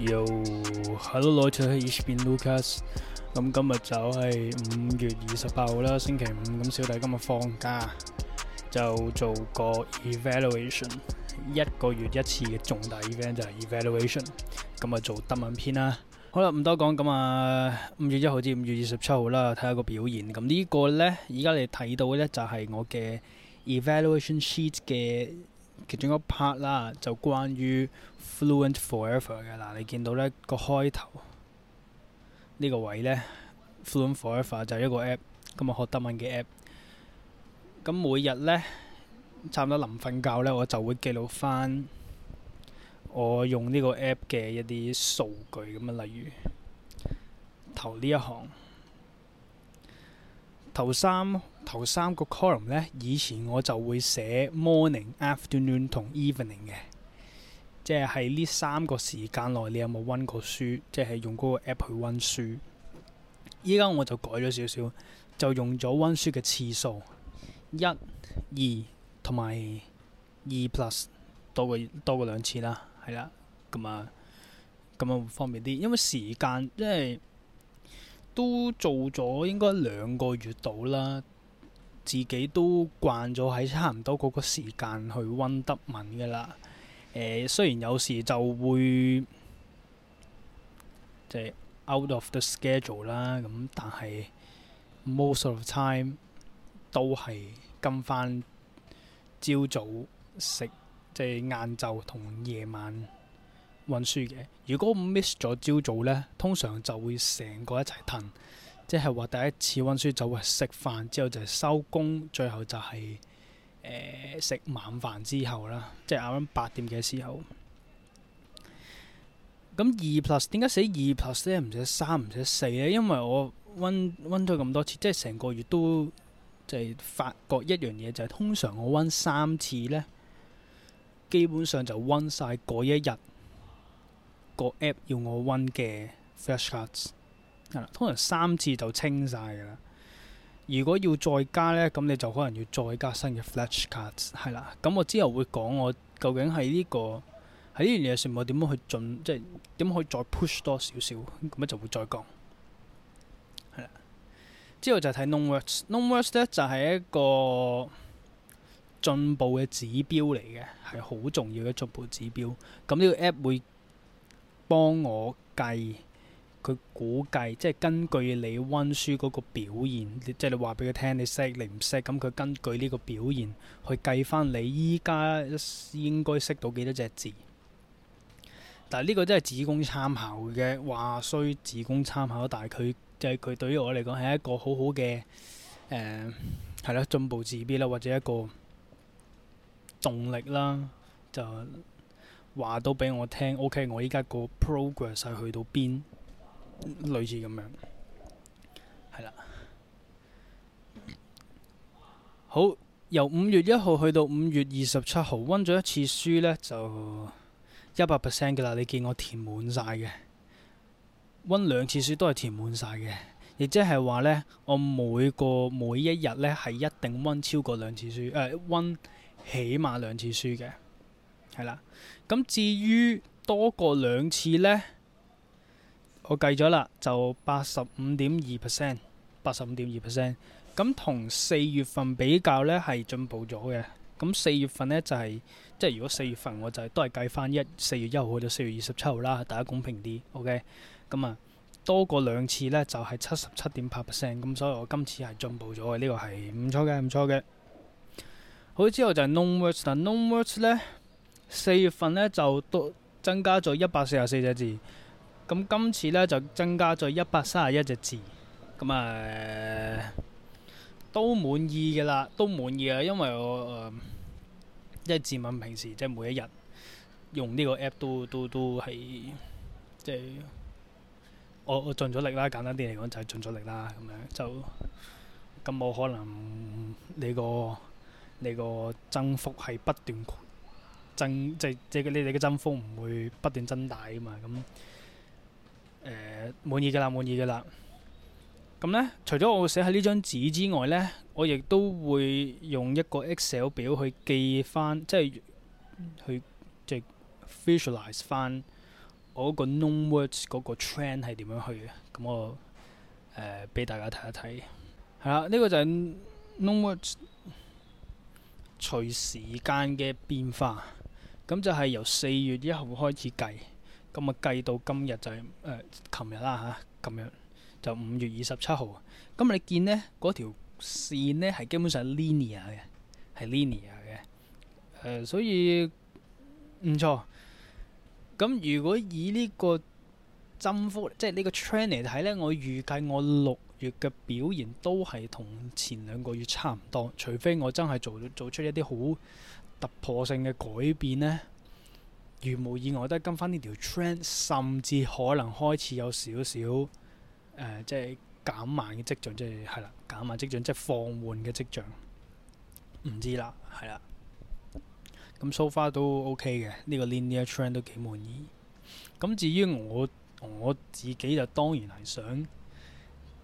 又係咯，攞出去，HBN Lucas。咁今日就係五月二十八號啦，星期五。咁、so, 小弟，弟今日放假，就做個 evaluation，一個月一次嘅重大 event 就係 evaluation Now, okay。咁啊，做德文篇啦。好啦，唔多講。咁啊，五月一號至五月二十七號啦，睇下個表現。咁呢個咧，而家你睇到嘅咧就係我嘅 evaluation sheet 嘅。其中一 part 啦，就關於 Fluent Forever 嘅。嗱，你見到呢個開頭呢個位呢，Fluent Forever 就一個 app，咁啊學德文嘅 app。咁每日呢，差唔多臨瞓覺呢，我就會記錄翻我用呢個 app 嘅一啲數據，咁啊，例如頭呢一行頭三。頭三個 column 呢，以前我就會寫 morning、afternoon 同 evening 嘅，即係喺呢三個時間內，你有冇温過書？即係用嗰個 app 去温書。依家我就改咗少少，就用咗温書嘅次數，一、e、二同埋二 plus 多過多過兩次啦，係啦，咁啊咁啊方便啲。因為時間，因為都做咗應該兩個月到啦。自己都慣咗喺差唔多嗰個時間去温德文嘅啦。誒、呃，雖然有時就會即係 out of the schedule 啦，咁但係 most of time 都係跟返朝早食，即係晏晝同夜晚温書嘅。如果 miss 咗朝早呢，通常就會成個一齊褪。即係話第一次温書就係食飯之後就係收工，最後就係，呃，食晚飯之後啦，即係晏晚八點嘅時候。咁二 plus 點解寫二 plus 呢？唔寫三唔寫四呢？因為我温温咗咁多次，即係成個月都就係發覺一樣嘢，就係通常我温三次呢，基本上就温晒嗰一日個 app 要我温嘅 flashcards。係啦，通常三次就清晒㗎啦。如果要再加呢，咁你就可能要再加新嘅 flashcards 係啦。咁我之後會講我究竟係呢、這個喺呢樣嘢上面我點樣去進，即係點可以再 push 多少少，咁樣就會再講。係啦，之後就睇 non words non words 呢就係一個進步嘅指標嚟嘅，係好重要嘅進步指標。咁呢個 app 會幫我計。佢估計，即係根據你温書嗰個表現，即係你話俾佢聽，你識，你唔識咁。佢根據呢個表現去計返你依家應該識到幾多隻字。但係呢個真係只供參考嘅話，雖只供參考。但係佢就係、是、佢對於我嚟講係一個好好嘅誒，係咯進步自別啦，或者一個動力啦。就話到俾我聽，OK，我依家個 progress 係去到邊？類似咁樣，係啦。好，由五月一號去到五月二十七號，温咗一次書呢，就一百 percent 嘅啦。你見我填滿晒嘅，温兩次書都係填滿晒嘅，亦即係話呢，我每個每一日呢，係一定温超過兩次書，誒、呃、温起碼兩次書嘅，係啦。咁至於多過兩次呢？我計咗啦，就八十五點二 percent，八十五點二 percent。咁同四月份比較呢，係進步咗嘅。咁四月份呢，就係、係、即係如果四月份我就係、都係計翻一四月一號去到四月二十七號啦，大家公平啲，OK。咁啊多過兩次呢，就係七十七點八 percent。咁所以我今次係進步咗嘅，呢、呢個係唔錯嘅，唔錯嘅。好，之後就係 non words 啦，non words 呢，四月份呢，就多增加咗一百四十四隻字。咁今次咧就增加咗一百三十一隻字，咁啊都滿意嘅啦，都滿意啊。因為我誒、呃，即係自問平時即係每一日用呢個 app 都都都係即係我我盡咗力啦。簡單啲嚟講就係盡咗力啦。咁樣就咁冇可能你個你個增幅係不斷增，即係即係你哋嘅增幅唔會不斷增大啊嘛。咁誒，滿、呃、意嘅啦，滿意嘅啦。咁咧，除咗我寫喺呢張紙之外咧，我亦都會用一個 Excel 表去記翻，即係去即係 visualize 翻我個 known words 嗰個 trend 係點樣去嘅。咁我誒俾、呃、大家睇一睇。係啦，呢、這個就係 known words 隨時間嘅變化。咁就係由四月一號開始計。咁、就是呃、啊，計到今日就係誒琴日啦吓，今日就五月二十七號。咁你見呢嗰條線呢，係基本上係 linear 嘅，係 linear 嘅、呃。所以唔錯。咁如果以呢個增幅，即係呢個 training 睇呢，我預計我六月嘅表現都係同前兩個月差唔多，除非我真係做做出一啲好突破性嘅改變呢。如無意外，都跟翻呢條 trend，甚至可能開始有少少、呃、即係減慢嘅跡象，即係係啦，減慢跡象，即係放緩嘅跡象，唔知啦，係啦。咁 so far 都 OK 嘅，呢個 linear trend 都幾滿意。咁至於我我自己就當然係想，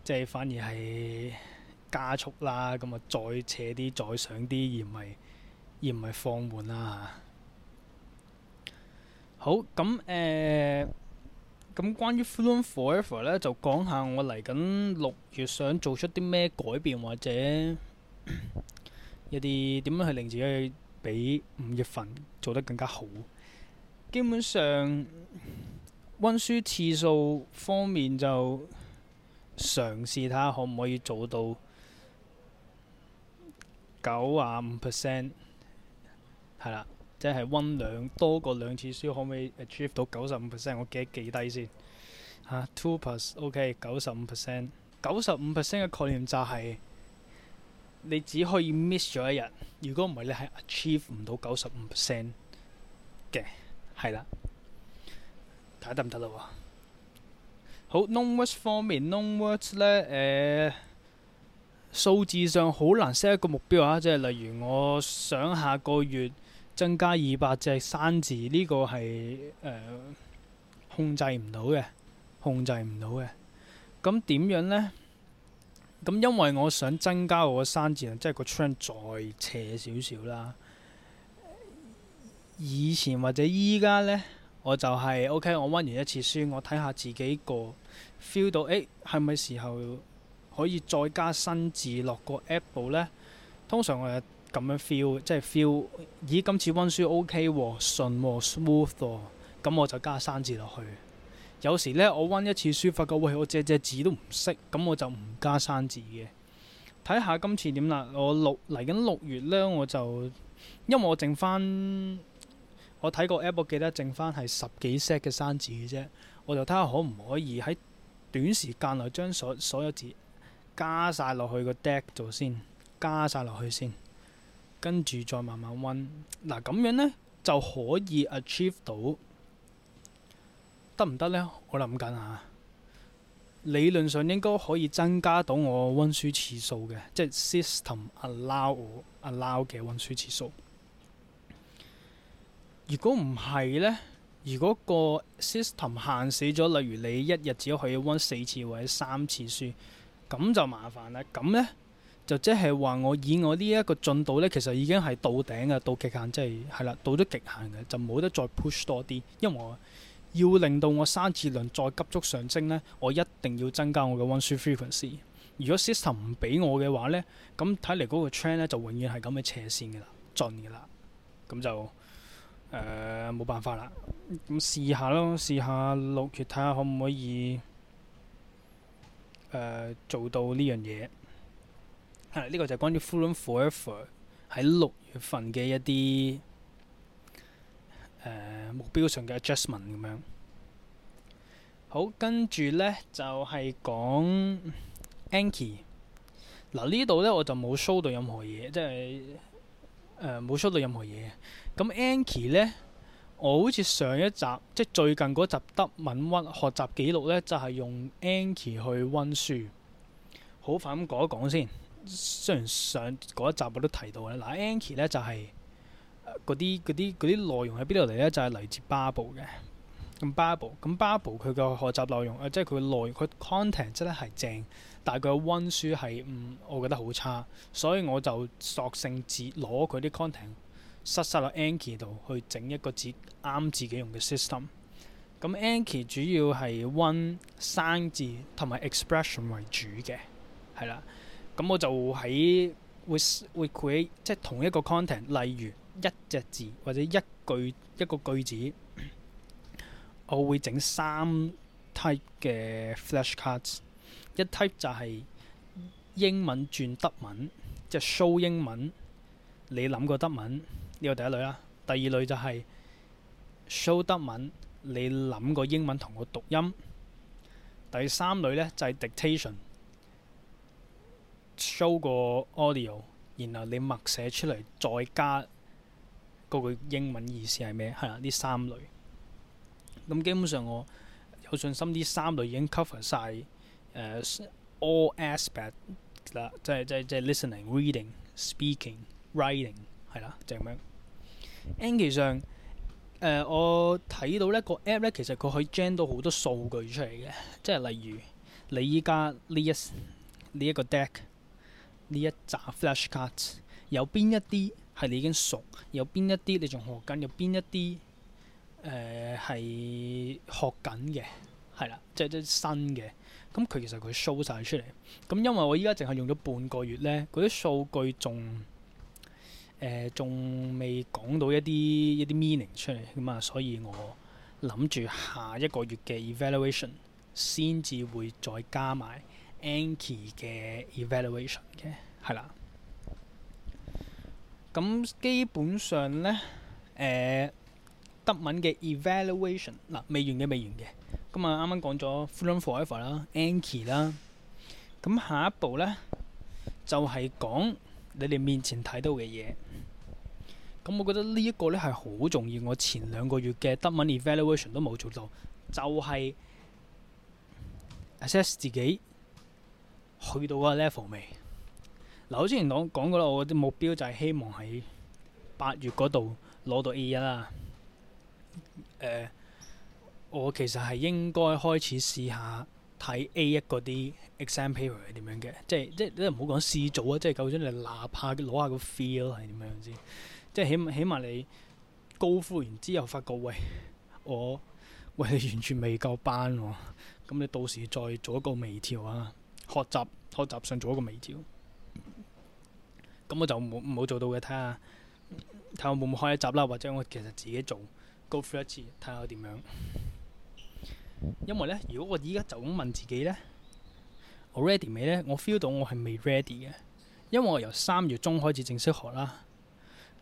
即係反而係加速啦，咁啊再斜啲，再上啲，而唔係而唔係放緩啦。好咁誒咁，呃、關於《Fluent Forever》咧，就講下我嚟緊六月想做出啲咩改變或者一啲點樣去令自己比五月份做得更加好。基本上温書次數方面就嘗試睇下可唔可以做到九啊五 percent 係啦。即係溫兩多過兩次書，可唔可以 achieve 到九十五 percent？我記得記低先 two，OK，九十五 percent。九十五 percent 嘅概念就係你只可以 miss 咗一日，如果唔係你係 achieve 唔到九十五 percent 嘅，係啦。睇下得唔得咯？好，non words 方面，non words 咧誒、呃，數字上好難 set 一個目標啊！即係例如我想下個月，增加二百隻生字呢個係誒控制唔到嘅，控制唔到嘅。咁點樣呢？咁因為我想增加我嘅生字量，即係個 trend 再斜少少啦。以前或者依家呢，我就係 OK，我温完一次書，我睇下自己個 feel 到，誒係咪時候可以再加生字落個 apple 呢？通常我哋。咁樣 feel，即係 feel 咦？今次温書 OK 喎，哦，順喎，哦，smooth 喎、哦，咁我就加生字落去。有時呢，我温一次書，發覺喂，我隻隻字都唔識，咁我就唔加生字嘅。睇下今次點啦。我六嚟緊六月呢，我就因為我剩翻我睇個 app 我記得剩翻係十幾 set 嘅生字嘅啫，我就睇下可唔可以喺短時間內將所有所有字加晒落去個 deck 度先，加晒落去先。跟住再慢慢溫，嗱、啊、咁樣呢就可以 achieve 到，得唔得呢？我諗緊啊，理論上應該可以增加到我溫書次數嘅，即係 system allow allow 嘅溫書次數。如果唔係呢，如果個 system 限死咗，例如你一日只可以溫四次或者三次書，咁就麻煩啦。咁呢。就即係話我以我呢一個進度呢，其實已經係到頂嘅，到極限、就是，即係係啦，到咗極限嘅，就冇得再 push 多啲，因為我要令到我生字量再急速上升呢，我一定要增加我嘅溫書 frequency。如果 system 唔俾我嘅話呢，咁睇嚟嗰個 trend 咧就永遠係咁嘅斜線嘅啦，盡嘅啦，咁就誒冇、呃、辦法啦，咁試下咯，試下六月睇下可唔可以、呃、做到呢樣嘢。呢個就係關於《Fullon Forever》喺六月份嘅一啲誒、呃、目標上嘅 adjustment 咁樣。好，跟住咧就係、是、講 Anki 嗱，呢度咧，我就冇 show 到任何嘢，即係誒冇 show 到任何嘢。咁 Anki 咧，我好似上一集即係最近嗰集德敏温學習記錄咧，就係、是、用 Anki 去温書。好快咁講一講先。雖然上嗰一集我都提到嘅，嗱，Anki 咧就係嗰啲啲啲內容喺邊度嚟咧？就係、是、嚟自 Bubble 嘅。咁 Bubble，咁 Bubble 佢嘅學習內容誒、呃，即係佢嘅內佢 content 真係係正，但係佢嘅温書係嗯，我覺得好差，所以我就索性只攞佢啲 content 塞塞落 Anki 度去整一個字啱自己用嘅 system。咁 Anki 主要係温生字同埋 expression 為主嘅，係啦。咁我就喺會會佢喺即係同一個 content，例如一隻字或者一句一個句子，我會整三 type 嘅 flashcards。一 type 就係英文轉德文，即係 show 英文，你諗個德文呢個第一類啦。第二類就係 show 德文，你諗個英文同個讀音。第三類咧就係 dictation。show 個 audio，然後你默寫出嚟，再加嗰個英文意思係咩？係啊，呢三類咁基本上我有信心呢三類已經 cover 晒，all aspect 啦，即係即係即係 listening、reading、speaking、writing 係啦，就咁樣。Anki 上我睇到呢個 app 呢，其實佢可以 generate 好多數據出嚟嘅，即係例如你依家呢一呢一個 deck。呢一扎 flash card 有邊一啲係你已經熟，有邊一啲你仲學緊，有邊一啲誒係學緊嘅，係啦，即係即新嘅。咁、嗯、佢其實佢 show 晒出嚟。咁、嗯、因為我依家淨係用咗半個月咧，嗰啲數據仲誒仲未講到一啲一啲 meaning 出嚟咁啊，所以我諗住下一個月嘅 evaluation 先至會再加埋。Anki 嘅 evaluation 嘅係啦，咁基本上呢，誒德文嘅 evaluation 嗱未完嘅未完嘅，咁啊啱啱講咗 Fluent Forever 啦，Anki 啦，咁下一步呢，就係、是、講你哋面前睇到嘅嘢，咁我覺得呢一個呢係好重要，我前兩個月嘅德文 evaluation 都冇做到，就係、是、assess 自己。去到個 level 未嗱？我、啊、之前講講過啦，我啲目標就係希望喺八月嗰度攞到 A 一啦。誒、呃，我其實係應該開始試下睇 A 一嗰啲 exam paper 係點樣嘅，即係即係唔好講試組啊，即係究竟你，哪怕攞下個 feel 係點樣先，即係起起碼你 go through 完之後，發覺喂我喂你完全未夠班喎、哦，咁你到時再做一個微調啊。學習學習上做一個微招，咁我就冇冇做到嘅，睇下睇下會唔會開一集啦，或者我其實自己做 go through 一次，睇下點樣。因為呢，如果我依家就咁問自己呢咧，ready 未呢？我，我 feel 到我係未 ready 嘅，因為我由三月中開始正式學啦，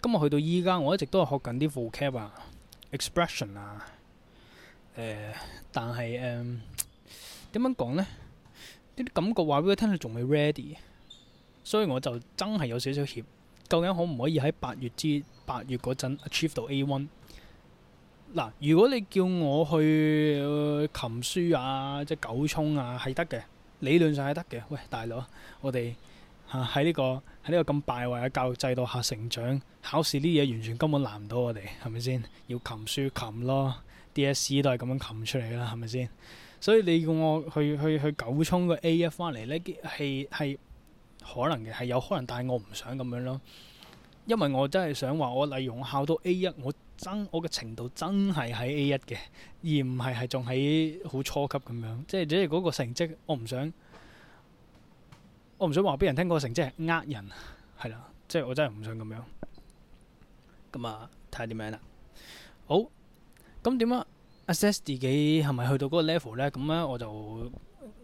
今日去到依家，我一直都係學緊啲 vocab 啊，expression 啊，但係誒點樣講咧？啲感覺話俾佢聽，佢仲未 ready，所以我就真係有少少怯。究竟可唔可以喺八月之八月嗰陣 achieve 到 A1？嗱，如果你叫我去琴書啊、即係九沖啊，係得嘅。理論上係得嘅。喂，大佬，我哋嚇喺呢個喺呢個咁敗壞嘅教育制度下成長，考試啲嘢完全根本難唔到我哋，係咪先？要琴書琴咯，DSE 都係咁樣琴出嚟啦，係咪先？所以你叫我去去去九充個 A 一翻嚟呢，係係可能嘅，係有可能，但係我唔想咁樣咯。因為我真係想話我例如我考到 A 一，我真我嘅程度真係喺 A 一嘅，而唔係係仲喺好初級咁樣，即係即係嗰個成績我唔想，我唔想話俾人聽個成績係呃人，係啦，即係我真係唔想咁樣，咁啊，睇下點樣啦。好，咁點啊？Assess 自己係咪去到嗰個 level 咧？咁咧我就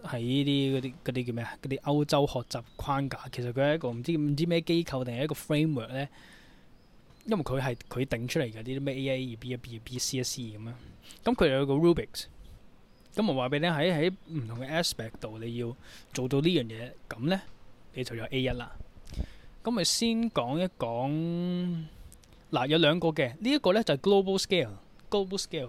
喺啲啲嗰啲叫咩啊？嗰啲歐洲學習框架其實佢係一個唔知唔知咩機構定係一個 framework 咧。因為佢係佢定出嚟嘅啲咩 A 一 A 二 B 一 B 二 C 一 C 二咁樣。咁佢有個 rubrics。咁我話俾你聽喺喺唔同嘅 aspect 度，你要做到呢樣嘢咁咧，你就有 A 一啦。咁咪先講一講嗱，有兩個嘅、這個、呢一個咧就係、是、global scale global scale。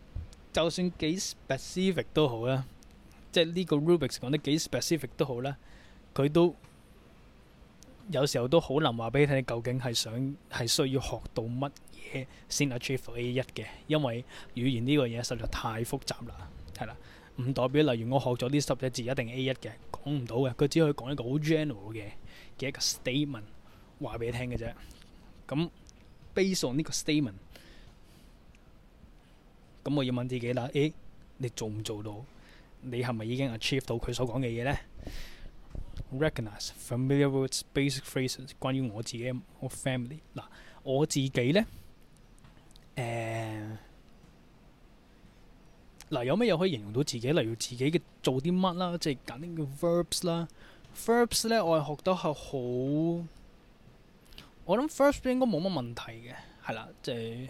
就算幾 specific 都好啦，即係呢個 rubrics 講得幾 specific 都好啦，佢都有時候都好難話俾你聽，究竟係想係需要學到乜嘢先 Achieve A 一嘅，因為語言呢個嘢實在太複雜啦，係啦，唔代表例如我學咗呢十隻字一定 A 一嘅，講唔到嘅，佢只可以講一個好 general 嘅嘅一個 statement 話俾你聽嘅啫，咁 Based on 呢個 statement。咁我要問自己啦，誒、哎，你做唔做到？你係咪已經 achieve 到佢所講嘅嘢呢？recognise familiar words basic phrases，關於我自己，我 family。嗱，我自己呢？誒、呃，嗱，有咩嘢可以形容到自己？例如自己嘅做啲乜啦，即係揀啲嘅 verbs 啦。verbs 呢，我係學得係好，我諗 first 應該冇乜問題嘅，係啦，即係。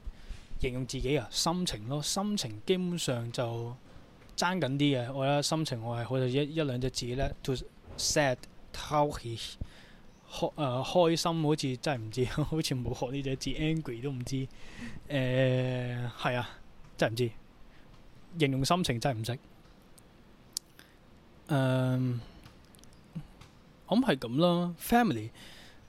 形容自己啊，心情咯，心情基本上就爭緊啲嘅。我覺得心情我係好似一一兩隻字呢。too sad，happy，開誒、呃、開心，好似真係唔知，好似冇學呢隻字 ，angry 都唔知。誒、呃、係啊，真係唔知。形容心情真係唔識。誒、呃，可能係咁啦，family。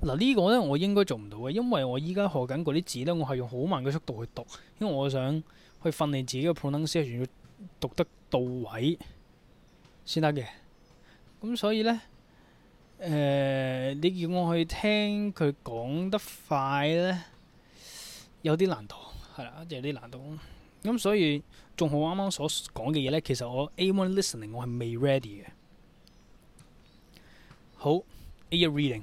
嗱呢個咧，我應該做唔到嘅，因為我依家學緊嗰啲字咧，我係用好慢嘅速度去讀，因為我想去訓練自己嘅 pronunciation，要讀得到位先得嘅。咁所以咧，誒、呃、你叫我去聽佢講得快咧，有啲難度，係啦，即係有啲難度。咁所以仲好啱啱所講嘅嘢咧，其實我 A1 listening 我係未 ready 嘅。好，A1 reading。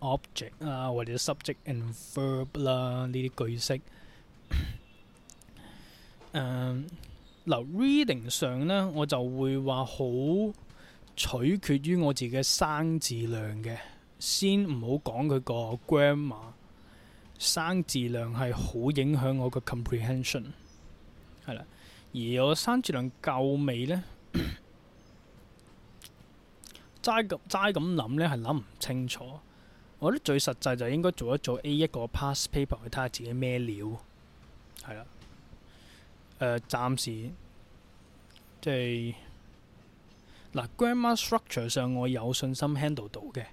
object 啊，或者 subject and verb 啦，呢啲句式。嗱，嗯，reading 上呢，我就會話好取決於我自己嘅生字量嘅。先唔好講佢個 grammar，生字量係好影響我嘅 comprehension 係啦。而我生字量夠未呢？齋咁齋咁諗咧，係諗唔清楚。我覺得最實際就應該做一做 A 一個 past paper 去睇下自己咩料，係、呃即係、啦。誒，暫時即係嗱，grammar structure 上我有信心 handle 到嘅，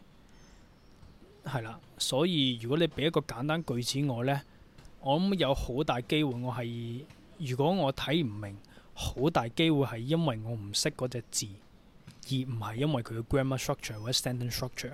係啦。所以如果你俾一個簡單句子我呢，我諗有好大機會我係，如果我睇唔明，好大機會係因為我唔識嗰隻字，而唔係因為佢嘅 grammar structure 或者 sentence structure。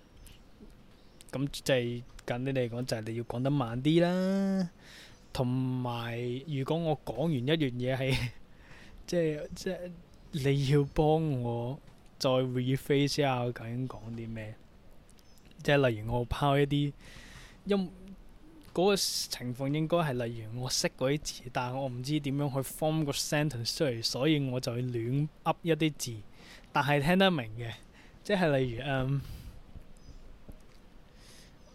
咁就係簡單嚟講，就係你要講得慢啲啦。同埋，如果我講完一樣嘢係，即係即係你要幫我再 rephrase 下我究竟講啲咩。即係例如我拋一啲因嗰個情況應該係例如我識嗰啲字，但係我唔知點樣去 form 個 sentence 出嚟，所以我就去亂噏一啲字，但係聽得明嘅，即係例如嗯、um。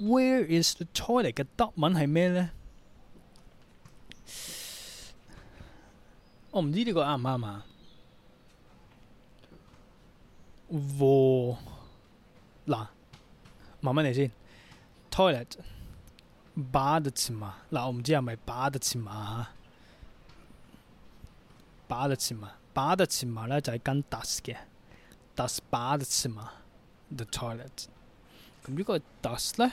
Where is the toilet 嘅德文係咩呢？我唔知呢個啱唔啱啊！嗱，慢慢嚟先。Toilet，巴德斯馬嗱，我唔知係咪巴德斯馬嚇。巴德斯馬，巴德斯馬咧就係跟 das 嘅，das 巴德斯馬，the toilet。咁呢個 das 咧？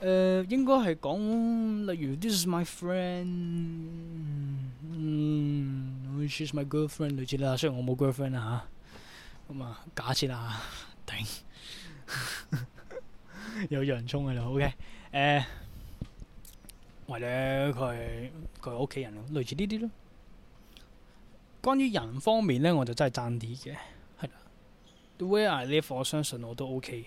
誒，應該係講，例如 this is my friend，she's my girlfriend 類似啦，雖然我冇 girlfriend 啊吓，咁啊假設啦吓，頂，有洋蔥喺度，OK，誒，或者佢佢屋企人，類似呢啲咯。關於人方面呢，我就真係爭啲嘅，係啦，the way I live，我相信我都 OK。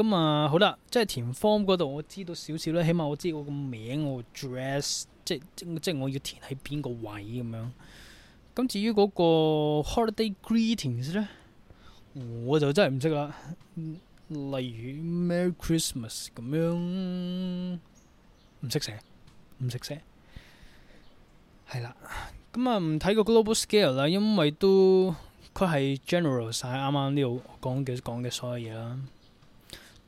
咁啊、嗯，好啦，即係填 form 嗰度，我知道少少啦，起碼我知我個名，我 dress 即係即係我要填喺邊個位咁樣。咁、嗯、至於嗰個 holiday greetings 呢，我就真係唔識啦。例如 Merry Christmas 咁樣，唔識寫，唔識寫。係啦，咁、嗯、啊，唔睇個 global scale 啦，因為都佢係 general 晒啱啱呢度講嘅講嘅所有嘢啦。